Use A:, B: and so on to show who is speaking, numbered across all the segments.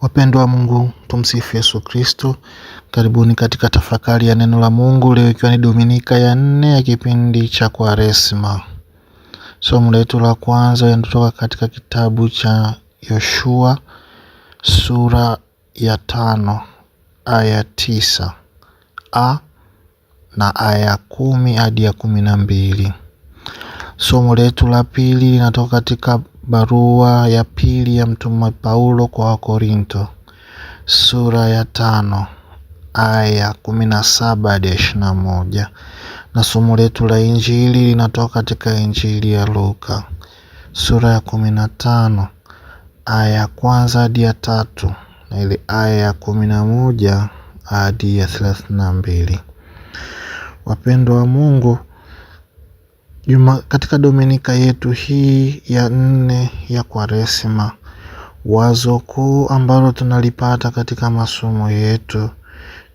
A: Wapendwa wa Mungu, tumsifu Yesu Kristo. Karibuni katika tafakari ya neno la Mungu leo, ikiwa ni Dominika ya nne ya kipindi cha Kwaresma. Somo letu la kwanza linatoka katika kitabu cha Yoshua sura ya tano aya tisa a na aya kumi hadi ya kumi na mbili. Somo letu la pili linatoka katika Barua ya pili ya mtume Paulo kwa Wakorinto sura ya tano aya kumi na saba hadi ishirini na moja na somo letu la Injili linatoka katika Injili ya Luka sura ya kumi na tano aya ya kwanza hadi ya tatu na ile aya ya kumi na moja hadi ya thelathini na mbili. Wapendwa wa Mungu, Juma, katika dominika yetu hii ya nne ya Kwaresima, wazo kuu ambalo tunalipata katika masomo yetu,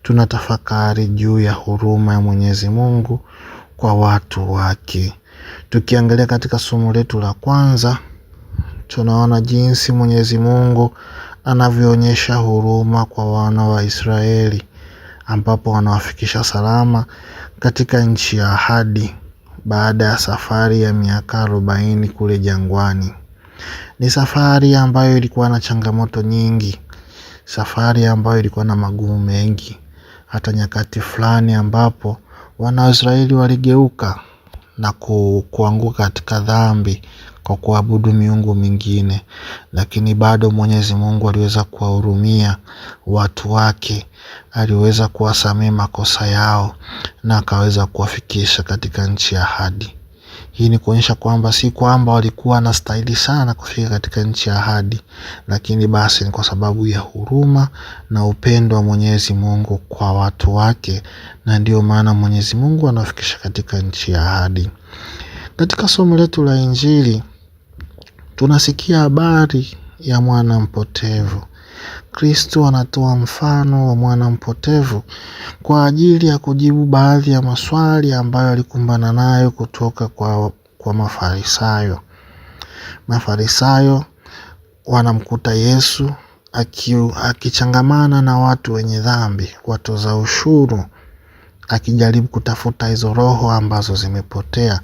A: tunatafakari juu ya huruma ya Mwenyezi Mungu kwa watu wake. Tukiangalia katika somo letu la kwanza, tunaona jinsi Mwenyezi Mungu anavyoonyesha huruma kwa wana wa Israeli, ambapo wanawafikisha salama katika nchi ya ahadi baada ya safari ya miaka arobaini kule jangwani. Ni safari ambayo ilikuwa na changamoto nyingi, safari ambayo ilikuwa na magumu mengi, hata nyakati fulani ambapo wana waligeuka na kuanguka katika dhambi kwa kuabudu miungu mingine. Lakini bado Mwenyezi Mungu aliweza kuwahurumia watu wake, aliweza kuwasamehe makosa yao na akaweza kuwafikisha katika nchi ya ahadi. Hii ni kuonyesha kwamba si kwamba walikuwa wanastahili sana kufika katika nchi ya ahadi, lakini basi ni kwa sababu ya huruma na upendo wa Mwenyezi Mungu kwa watu wake, na ndiyo maana Mwenyezi Mungu anawafikisha katika nchi ya ahadi. Katika somo letu la Injili Tunasikia habari ya mwana mpotevu. Kristo anatoa mfano wa mwana mpotevu kwa ajili ya kujibu baadhi ya maswali ambayo alikumbana nayo kutoka kwa, kwa Mafarisayo. Mafarisayo wanamkuta Yesu akichangamana na watu wenye dhambi, watoza ushuru, akijaribu kutafuta hizo roho ambazo zimepotea,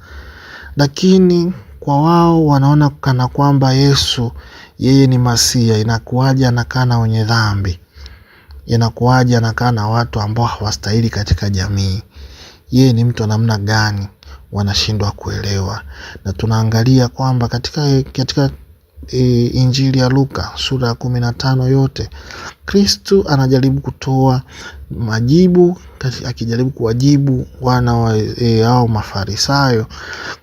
A: lakini kwa wao wanaona kana kwamba Yesu yeye ni Masia. Inakuwaje anakaa na wenye dhambi? Inakuwaje anakaa na watu ambao hawastahili katika jamii? Yeye ni mtu wa namna gani? Wanashindwa kuelewa, na tunaangalia kwamba katika, katika e, Injili ya Luka sura ya kumi na tano yote Kristu anajaribu kutoa majibu akijaribu kuwajibu wana wa e, ao Mafarisayo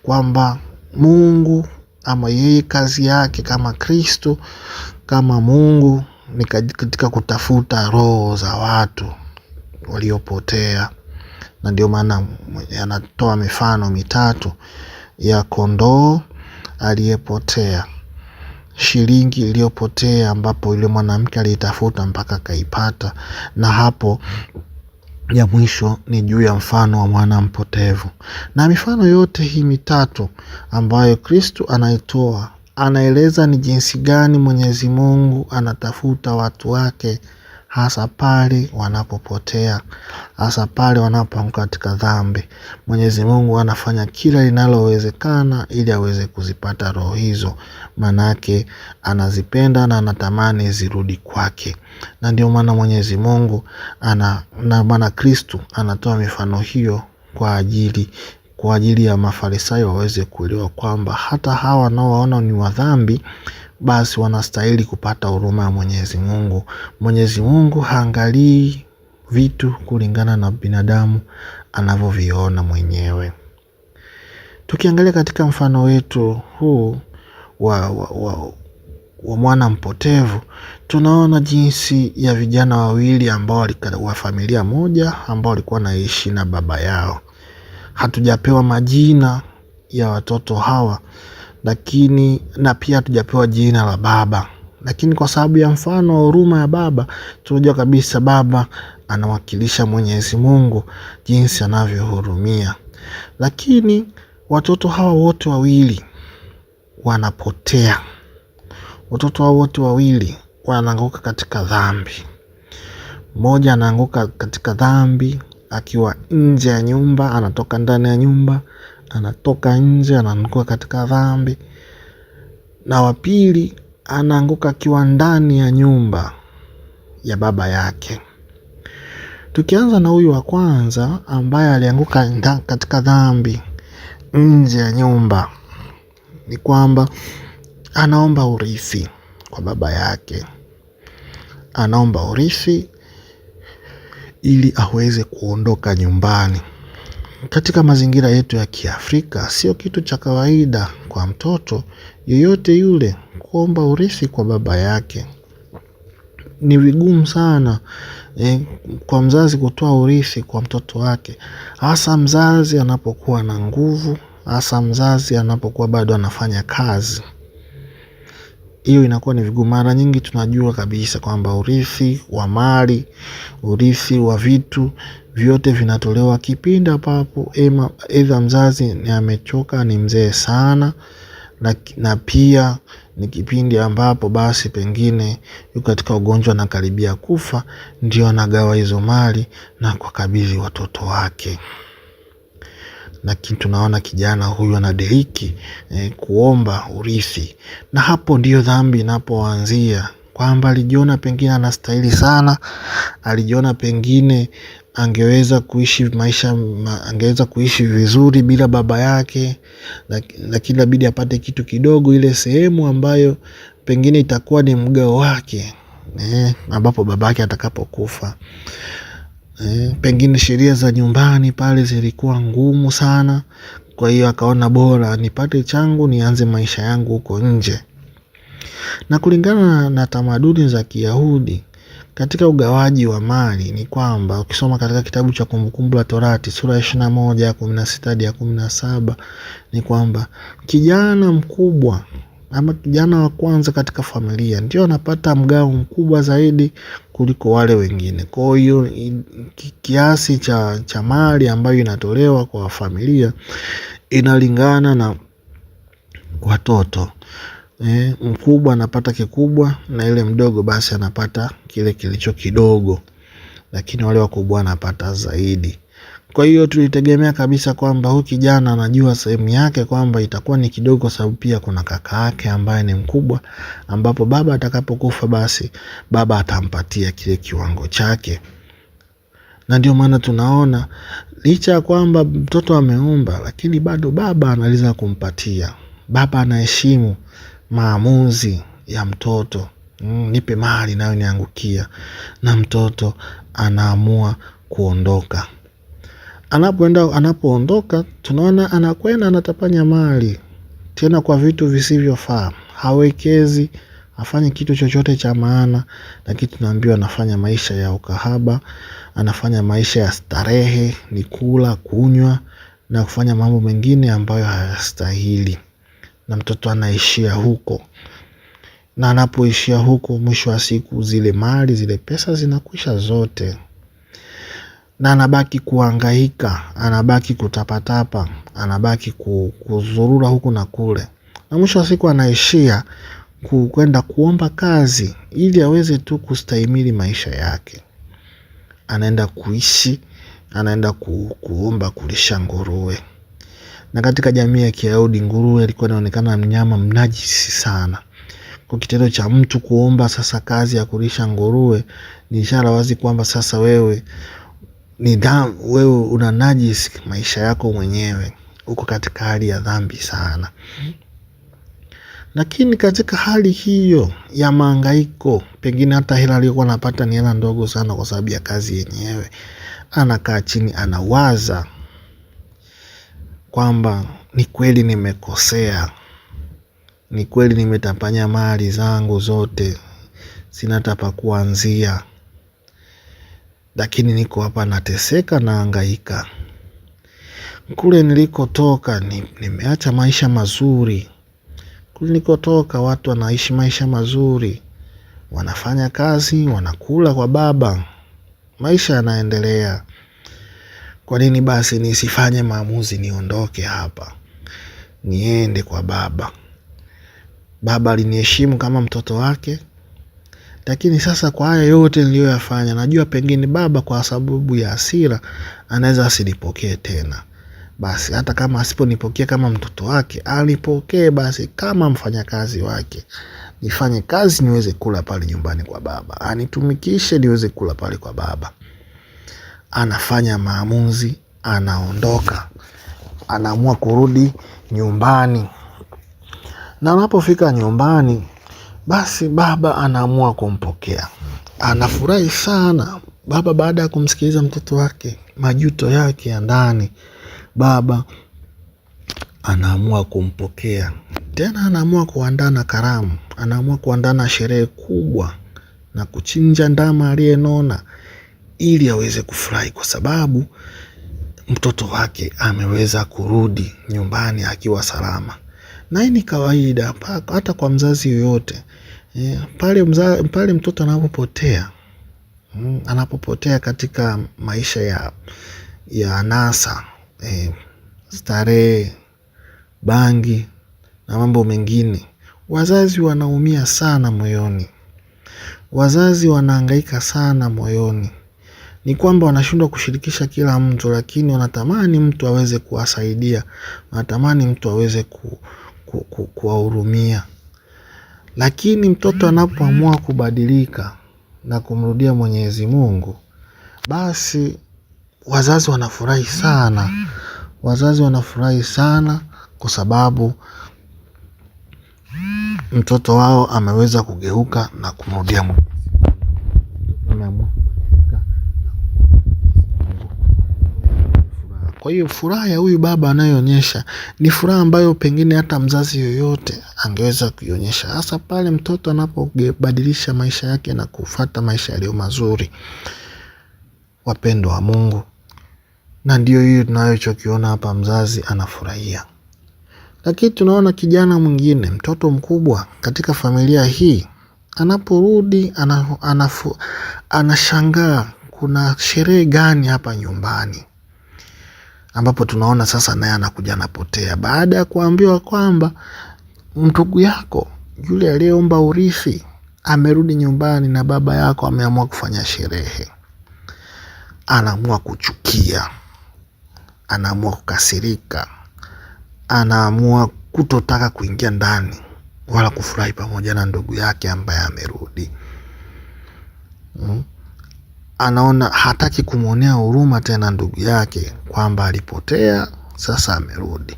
A: kwamba Mungu ama yeye kazi yake kama Kristo kama Mungu ni katika kutafuta roho za watu waliopotea, na ndio maana anatoa mifano mitatu ya kondoo aliyepotea, shilingi iliyopotea ambapo yule mwanamke aliitafuta mpaka akaipata, na hapo ya mwisho ni juu ya mfano wa mwana mpotevu. Na mifano yote hii mitatu ambayo kristu anaitoa anaeleza ni jinsi gani Mwenyezi Mungu anatafuta watu wake hasa pale wanapopotea, hasa pale wanapoanguka katika dhambi. Mwenyezi Mungu anafanya kila linalowezekana ili aweze kuzipata roho hizo, manake anazipenda na anatamani zirudi kwake. Na ndio maana Mwenyezi Mungu ana na maana Kristu anatoa mifano hiyo kwa ajili kwa ajili ya Mafarisayo waweze kuelewa kwamba hata hawa wanaowaona ni wadhambi basi wanastahili kupata huruma ya mwenyezi mungu. Mwenyezi mungu haangalii vitu kulingana na binadamu anavyoviona mwenyewe. Tukiangalia katika mfano wetu huu wa, wa, wa, wa mwana mpotevu, tunaona jinsi ya vijana wawili ambao wa familia moja ambao walikuwa naishi na baba yao. Hatujapewa majina ya watoto hawa lakini na pia hatujapewa jina la baba, lakini kwa sababu ya mfano wa huruma ya baba tunajua kabisa baba anawakilisha Mwenyezi Mungu jinsi anavyohurumia. Lakini watoto hawa wote wawili wanapotea, watoto hawa wote wawili wanaanguka katika dhambi. Mmoja anaanguka katika dhambi akiwa nje ya nyumba, anatoka ndani ya nyumba, anatoka nje anaanguka katika dhambi, na wa pili anaanguka akiwa ndani ya nyumba ya baba yake. Tukianza na huyu wa kwanza ambaye alianguka katika dhambi nje ya nyumba, ni kwamba anaomba urithi kwa baba yake, anaomba urithi ili aweze kuondoka nyumbani katika mazingira yetu ya Kiafrika sio kitu cha kawaida kwa mtoto yeyote yule kuomba urithi kwa baba yake. Ni vigumu sana eh, kwa mzazi kutoa urithi kwa mtoto wake, hasa mzazi anapokuwa na nguvu, hasa mzazi anapokuwa bado anafanya kazi hiyo inakuwa ni vigumu. Mara nyingi tunajua kabisa kwamba urithi wa mali, urithi wa vitu vyote vinatolewa kipindi ambapo aidha mzazi ni amechoka, ni mzee sana na, na pia ni kipindi ambapo basi pengine yuko katika ugonjwa na karibia kufa, ndio anagawa hizo mali na kabidhi watoto wake lakini tunaona kijana huyu anadiriki eh, kuomba urithi, na hapo ndiyo dhambi inapoanzia kwamba alijiona pengine anastahili sana, alijiona pengine angeweza kuishi maisha, angeweza kuishi vizuri bila baba yake, lakini labidi apate kitu kidogo, ile sehemu ambayo pengine itakuwa ni mgao wake eh, ambapo yake atakapokufa. Eh, pengine sheria za nyumbani pale zilikuwa ngumu sana kwa hiyo akaona bora nipate changu nianze maisha yangu huko nje na kulingana na tamaduni za kiyahudi katika ugawaji wa mali ni kwamba ukisoma katika kitabu cha kumbukumbu la torati sura ya ishirina moja ya kumi na sita hadi ya kumi na saba ni kwamba kijana mkubwa ama kijana wa kwanza katika familia ndio anapata mgao mkubwa zaidi kuliko wale wengine. Kwa hiyo kiasi cha, cha mali ambayo inatolewa kwa familia inalingana na watoto. E, mkubwa anapata kikubwa na ile mdogo basi anapata kile kilicho kidogo, lakini wale wakubwa wanapata zaidi. Kwa hiyo tulitegemea kabisa kwamba huyu kijana anajua sehemu yake kwamba itakuwa ni kidogo, sababu pia kuna kaka yake ambaye ni mkubwa, ambapo baba atakapokufa basi baba atampatia kile kiwango chake. Na ndio maana tunaona licha ya kwamba mtoto ameomba, lakini bado baba anaweza kumpatia. Baba anaheshimu maamuzi ya mtoto. Mm, nipe mali nayo niangukia, na mtoto anaamua kuondoka anapoenda anapoondoka, tunaona anakwenda anatapanya mali tena kwa vitu visivyofaa, hawekezi afanye kitu chochote cha maana, lakini tunaambiwa anafanya maisha ya ukahaba, anafanya maisha ya starehe, ni kula, kunywa na kufanya mambo mengine ambayo hayastahili, na mtoto anaishia huko, na anapoishia huko, mwisho wa siku zile mali zile pesa zinakwisha zote na anabaki kuangaika, anabaki kutapatapa, anabaki kuzurura huku na kule, na mwisho wa siku anaishia kwenda kuomba kazi ili aweze tu kustahimili maisha yake. Anaenda kuishi, anaenda ku, kuomba kulisha nguruwe. Na katika jamii ya Kiyahudi nguruwe alikuwa inaonekana mnyama mnajisi sana. Kwa kitendo cha mtu kuomba sasa kazi ya kulisha nguruwe, ni ishara wazi kwamba sasa wewe nidhamu, wewe una najisi maisha yako mwenyewe, uko katika hali ya dhambi sana. Lakini katika hali hiyo ya mahangaiko, pengine hata hela aliyokuwa anapata ni hela ndogo sana kwa sababu ya kazi yenyewe, anakaa chini, anawaza kwamba ni kweli nimekosea, ni kweli nimetapanya mali zangu zote, sina hata pa kuanzia lakini niko hapa nateseka na Kule nilikotoka ni, nimeacha maisha mazuri. Kule nilikotoka watu wanaishi maisha mazuri, wanafanya kazi, wanakula kwa baba, maisha yanaendelea. Kwa nini basi nisifanye maamuzi niondoke hapa niende kwa baba? Baba aliniheshimu kama mtoto wake, lakini sasa kwa haya yote niliyoyafanya, najua pengine baba kwa sababu ya hasira anaweza asinipokee tena. Basi hata kama asiponipokea kama mtoto wake, anipokee basi kama mfanyakazi wake. Nifanye kazi niweze kula pale nyumbani kwa baba, anitumikishe niweze kula pale kwa baba. Anafanya maamuzi, anaondoka, anaamua kurudi nyumbani. Na anapofika nyumbani basi baba anaamua kumpokea. Anafurahi sana baba baada ya kumsikiliza mtoto wake, majuto yake ya ndani. Baba anaamua kumpokea tena, anaamua kuandaa na karamu, anaamua kuandaa na sherehe kubwa na kuchinja ndama aliyenona ili aweze kufurahi kwa sababu mtoto wake ameweza kurudi nyumbani akiwa salama. Na hii ni kawaida hata kwa mzazi yoyote pale mza, pale mtoto anapopotea mm, anapopotea katika maisha ya, ya anasa e, starehe, bangi na mambo mengine, wazazi wanaumia sana moyoni, wazazi wanaangaika sana moyoni. Ni kwamba wanashindwa kushirikisha kila mtu, lakini wanatamani mtu aweze kuwasaidia, wanatamani mtu aweze kuwahurumia ku, ku, lakini mtoto anapoamua kubadilika na kumrudia Mwenyezi Mungu, basi wazazi wanafurahi sana, wazazi wanafurahi sana kwa sababu mtoto wao ameweza kugeuka na kumrudia Mungu. Kwa hiyo furaha ya huyu baba anayoonyesha ni furaha ambayo pengine hata mzazi yoyote angeweza kuionyesha, hasa pale mtoto anapobadilisha maisha yake na kufata maisha yaliyo mazuri. Wapendwa wa Mungu, na ndio hiyo tunayochokiona hapa, mzazi anafurahia. Lakini tunaona kijana mwingine, mtoto mkubwa katika familia hii, anaporudi anashangaa kuna sherehe gani hapa nyumbani ambapo tunaona sasa naye anakuja anapotea, baada ya kuambiwa kwamba mtugu yako yule aliyeomba urithi amerudi nyumbani na baba yako ameamua kufanya sherehe. Anaamua kuchukia, anaamua kukasirika, anaamua kutotaka kuingia ndani wala kufurahi pamoja na ndugu yake ambaye amerudi. Mm anaona hataki kumwonea huruma tena ndugu yake kwamba alipotea sasa amerudi.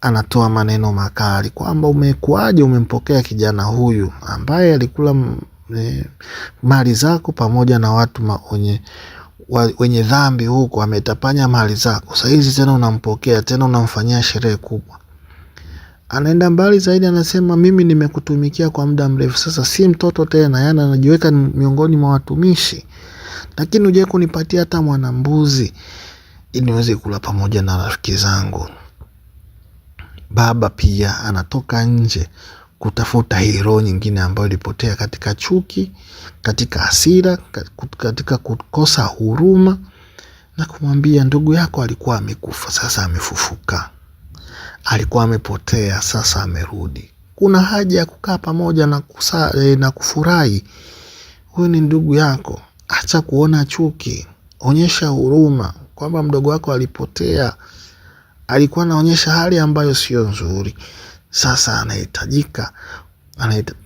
A: Anatoa maneno makali kwamba umekuaje, umempokea kijana huyu ambaye alikula e, mali zako pamoja na watu ma, onye, wa, wenye dhambi huko, ametapanya mali zako, sahizi tena unampokea tena unamfanyia sherehe kubwa. Anaenda mbali zaidi, anasema mimi nimekutumikia kwa muda mrefu, sasa si mtoto tena, yani anajiweka miongoni mwa watumishi lakini uje kunipatia hata mwanambuzi ili niweze kula pamoja na rafiki zangu. Baba pia anatoka nje kutafuta hii roho nyingine ambayo ilipotea katika chuki, katika hasira, katika kukosa huruma na kumwambia ndugu yako alikuwa amekufa, sasa amefufuka. Alikuwa amepotea, sasa amerudi. Kuna haja ya kukaa pamoja na, eh, na kufurahi. Huyu ni ndugu yako, acha kuona chuki, onyesha huruma kwamba mdogo wako alipotea, alikuwa anaonyesha hali ambayo sio nzuri. Sasa anahitajika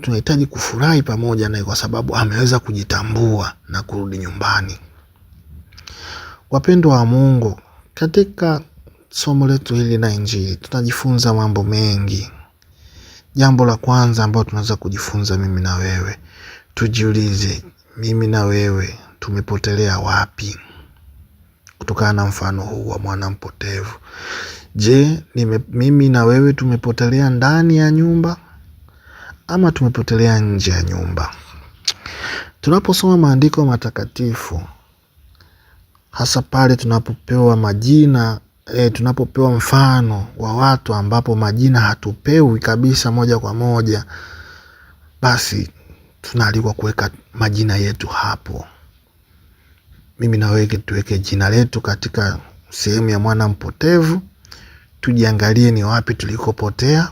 A: tunahitaji kufurahi pamoja naye kwa sababu ameweza kujitambua na kurudi nyumbani. Wapendwa wa Mungu, katika somo letu hili la Injili tunajifunza mambo mengi. Jambo la kwanza ambalo tunaweza kujifunza mimi na wewe, tujiulize, mimi na wewe tumepotelea wapi kutokana na mfano huu wa mwana mpotevu? Je, nime, mimi na wewe tumepotelea ndani ya nyumba ama tumepotelea nje ya nyumba? Tunaposoma maandiko matakatifu hasa pale tunapopewa majina e, tunapopewa mfano wa watu ambapo majina hatupewi kabisa moja kwa moja, basi tunaalikwa kuweka majina yetu hapo. Mimi nawe tuweke jina letu katika sehemu ya mwana mpotevu, tujiangalie ni wapi tulikopotea,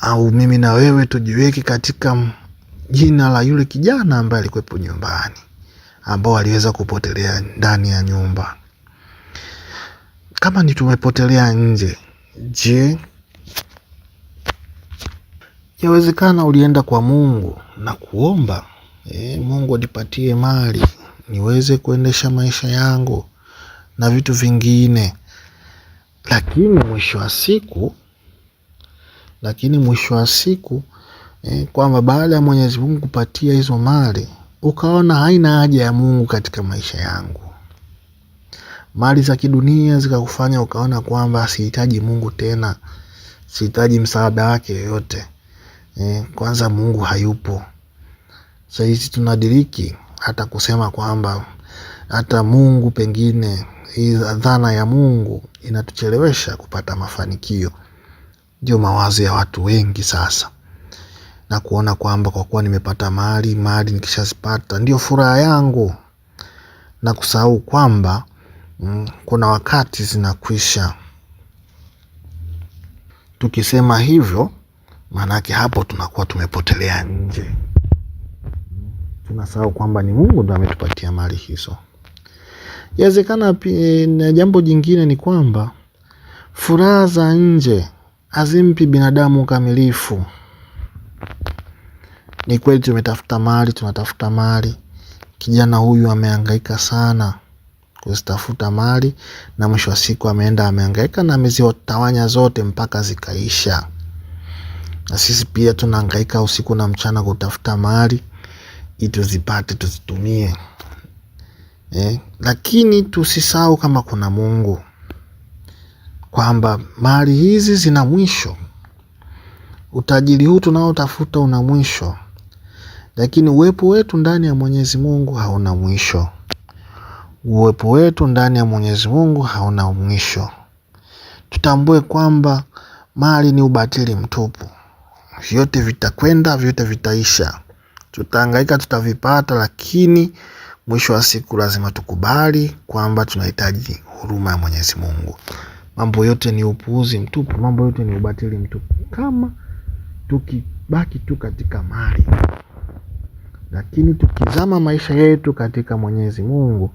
A: au mimi na wewe tujiweke katika jina la yule kijana ambaye alikuwepo nyumbani, ambao aliweza kupotelea ndani ya nyumba. Kama ni tumepotelea nje, je, Yawezekana ulienda kwa Mungu na kuomba e, Mungu anipatie mali niweze kuendesha maisha yangu na vitu vingine, lakini mwisho wa siku lakini mwisho wa siku e, kwamba baada ya Mwenyezi Mungu kupatia hizo mali ukaona haina haja ya Mungu katika maisha yangu, mali za kidunia zikakufanya ukaona kwamba sihitaji Mungu tena, sihitaji msaada wake yoyote eh, kwanza Mungu hayupo. Sahizi tunadiriki hata kusema kwamba hata Mungu pengine hii dhana ya Mungu inatuchelewesha kupata mafanikio. Ndio mawazo ya watu wengi sasa, na kuona kwamba kwa kuwa nimepata mali mali nikishazipata ndio furaha yangu, na kusahau kwamba mm, kuna wakati zinakwisha. Tukisema hivyo maanake hapo tunakuwa tumepotelea nje, tunasahau kwamba ni Mungu ndo ametupatia mali hizo. Yawezekana e, na jambo jingine ni kwamba furaha za nje hazimpi binadamu ukamilifu. Ni kweli tumetafuta mali, tunatafuta mali, kijana huyu ameangaika sana kuzitafuta mali, na mwisho wa siku ameenda ameangaika na amezitawanya zote mpaka zikaisha na sisi pia tunaangaika usiku na mchana kutafuta mali ili tuzipate tuzitumie eh, lakini tusisahau kama kuna Mungu kwamba mali hizi zina mwisho. Utajiri huu tunaotafuta una mwisho, lakini uwepo wetu ndani ya Mwenyezi Mungu hauna mwisho. Uwepo wetu ndani ya Mwenyezi Mungu hauna mwisho. Tutambue kwamba mali ni ubatili mtupu vyote vitakwenda, vyote vitaisha. Tutahangaika, tutavipata, lakini mwisho wa siku lazima tukubali kwamba tunahitaji huruma ya Mwenyezi Mungu. Mambo yote ni upuuzi mtupu, mambo yote ni ubatili mtupu, kama tukibaki tu katika mali. Lakini tukizama maisha yetu katika Mwenyezi Mungu,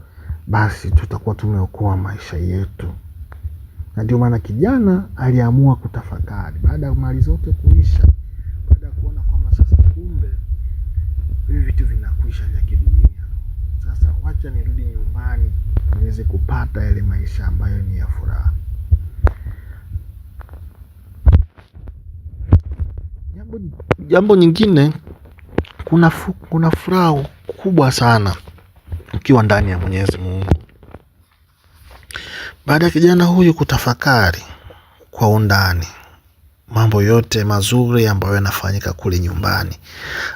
A: basi tutakuwa tumeokoa maisha yetu. Na ndio maana kijana aliamua kutafakari baada ya mali zote kuisha baada ya kuona kwamba sasa kumbe hivi vitu vinakwisha vya kidunia. Sasa wacha nirudi nyumbani niweze kupata yale maisha ambayo ni ya furaha. Jambo, jambo nyingine kuna, fu, kuna furaha kubwa sana ukiwa ndani ya Mwenyezi Mungu. Baada ya kijana huyu kutafakari kwa undani mambo yote mazuri ambayo yanafanyika kule nyumbani,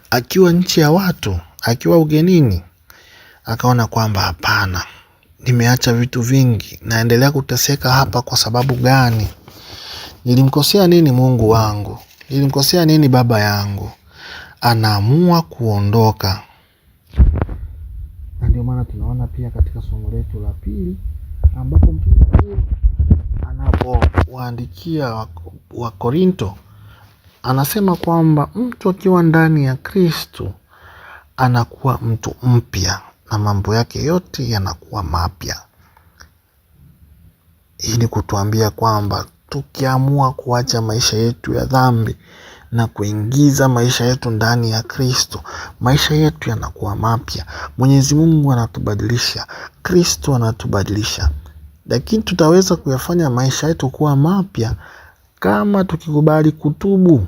A: akiwa nchi ya watu, akiwa ugenini, akaona kwamba hapana, nimeacha vitu vingi, naendelea kuteseka hapa kwa sababu gani? Nilimkosea nini Mungu wangu? Nilimkosea nini baba yangu? Anaamua kuondoka, na ndio maana tunaona pia katika somo letu la pili ambapo mtu anapowaandikia Wakorinto anasema kwamba mtu akiwa ndani ya Kristo anakuwa mtu mpya na mambo yake yote yanakuwa mapya. Hii ni kutuambia kwamba tukiamua kuacha maisha yetu ya dhambi na kuingiza maisha yetu ndani ya Kristo, maisha yetu yanakuwa mapya. Mwenyezi Mungu anatubadilisha, Kristo anatubadilisha lakini tutaweza kuyafanya maisha yetu kuwa mapya kama tukikubali kutubu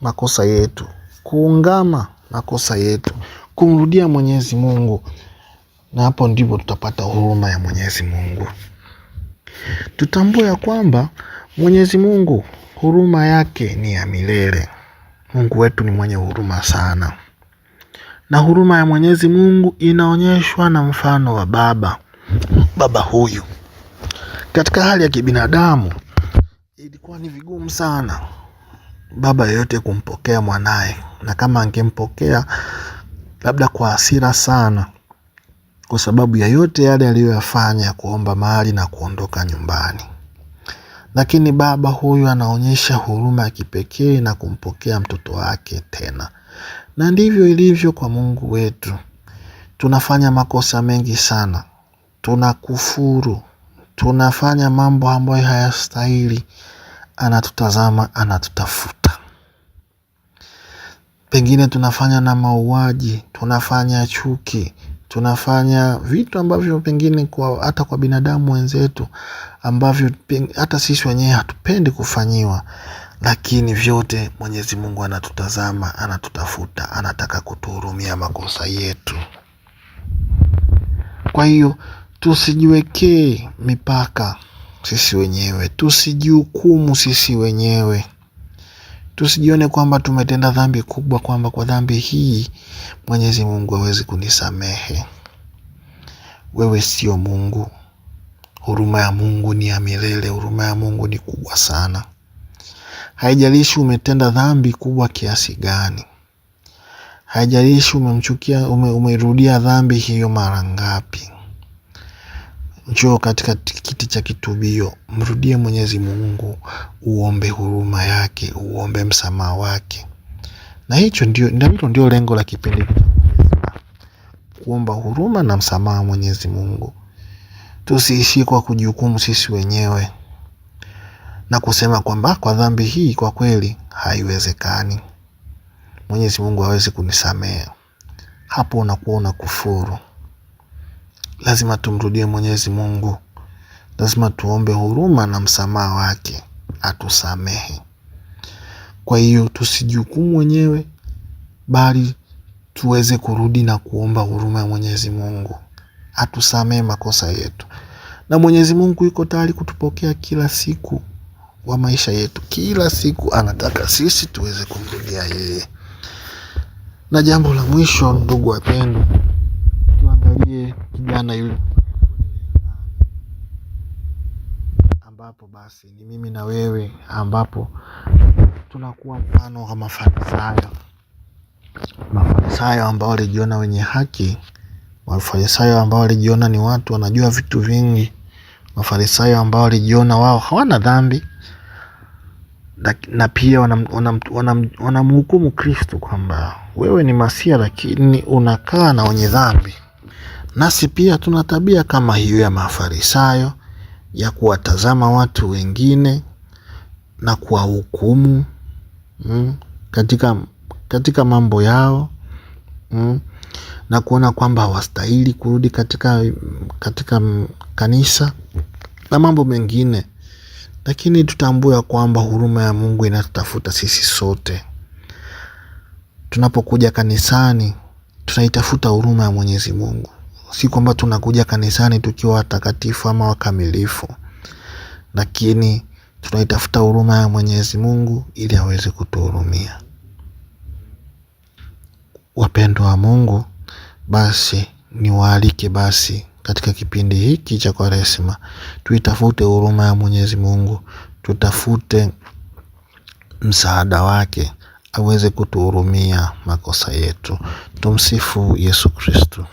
A: makosa yetu, kuungama makosa yetu, kumrudia Mwenyezi Mungu, na hapo ndipo tutapata huruma ya Mwenyezi Mungu. Tutambue ya kwamba Mwenyezi Mungu huruma yake ni ya milele. Mungu wetu ni mwenye huruma sana, na huruma ya Mwenyezi Mungu inaonyeshwa na mfano wa baba baba huyu. Katika hali ya kibinadamu, ilikuwa ni vigumu sana baba yeyote kumpokea mwanaye, na kama angempokea labda kwa hasira sana, kwa sababu ya yote yale aliyoyafanya ya kuomba mali na kuondoka nyumbani. Lakini baba huyu anaonyesha huruma ya kipekee na kumpokea mtoto wake tena. Na ndivyo ilivyo kwa Mungu wetu. Tunafanya makosa mengi sana tunakufuru, tunafanya mambo ambayo hayastahili, anatutazama, anatutafuta. Pengine tunafanya na mauaji, tunafanya chuki, tunafanya vitu ambavyo pengine kwa, hata kwa binadamu wenzetu ambavyo peng, hata sisi wenyewe hatupendi kufanyiwa, lakini vyote Mwenyezi Mungu anatutazama, anatutafuta, anataka kutuhurumia makosa yetu. Kwa hiyo Tusijiwekee mipaka sisi wenyewe, tusijihukumu sisi wenyewe, tusijione kwamba tumetenda dhambi kubwa, kwamba kwa dhambi hii Mwenyezi Mungu hawezi kunisamehe. Wewe sio Mungu. Huruma ya Mungu ni ya milele, huruma ya Mungu ni kubwa sana. Haijalishi umetenda dhambi kubwa kiasi gani, haijalishi umemchukia, umeirudia dhambi hiyo mara ngapi. Njoo katika kiti cha kitubio, mrudie Mwenyezi Mungu, uombe huruma yake, uombe msamaha wake. Na hicho ndio, ndio, ndio lengo la kipindi kuomba huruma na msamaha Mwenyezi Mungu. Tusiishi kwa kujihukumu sisi wenyewe na kusema kwamba kwa dhambi hii kwa kweli haiwezekani, Mwenyezi Mungu hawezi kunisamehe. Hapo unakuwa unakufuru. kufuru lazima tumrudie Mwenyezi Mungu, lazima tuombe huruma na msamaha wake atusamehe. Kwa hiyo tusijukumu wenyewe, bali tuweze kurudi na kuomba huruma ya Mwenyezi Mungu atusamehe makosa yetu, na Mwenyezi Mungu yuko tayari kutupokea kila siku wa maisha yetu. Kila siku anataka sisi tuweze kumrudia yeye. Na jambo la mwisho, ndugu wapendwa, tuangalie kijana yule ambapo basi ni mimi na wewe ambapo tunakuwa mfano wa mafarisayo mafarisayo ambao walijiona wenye haki mafarisayo ambao walijiona ni watu wanajua vitu vingi mafarisayo ambao walijiona wao hawana dhambi na pia wanamhukumu wanam, wanam, wanam kristo kwamba wewe ni masia lakini unakaa na wenye dhambi Nasi pia tuna tabia kama hiyo ya Mafarisayo ya kuwatazama watu wengine na kuwahukumu mm, katika, katika mambo yao mm, na kuona kwamba hawastahili kurudi katika, katika kanisa na mambo mengine, lakini tutambua kwamba huruma ya Mungu inatutafuta sisi sote. Tunapokuja kanisani, tunaitafuta huruma ya Mwenyezi Mungu si kwamba tunakuja kanisani tukiwa watakatifu ama wakamilifu, lakini tunaitafuta huruma ya Mwenyezi Mungu ili aweze kutuhurumia. Wapendwa wa Mungu, basi niwaalike basi katika kipindi hiki cha Kwaresma tuitafute huruma ya Mwenyezi Mungu, tutafute msaada wake aweze kutuhurumia makosa yetu. Tumsifu Yesu Kristo.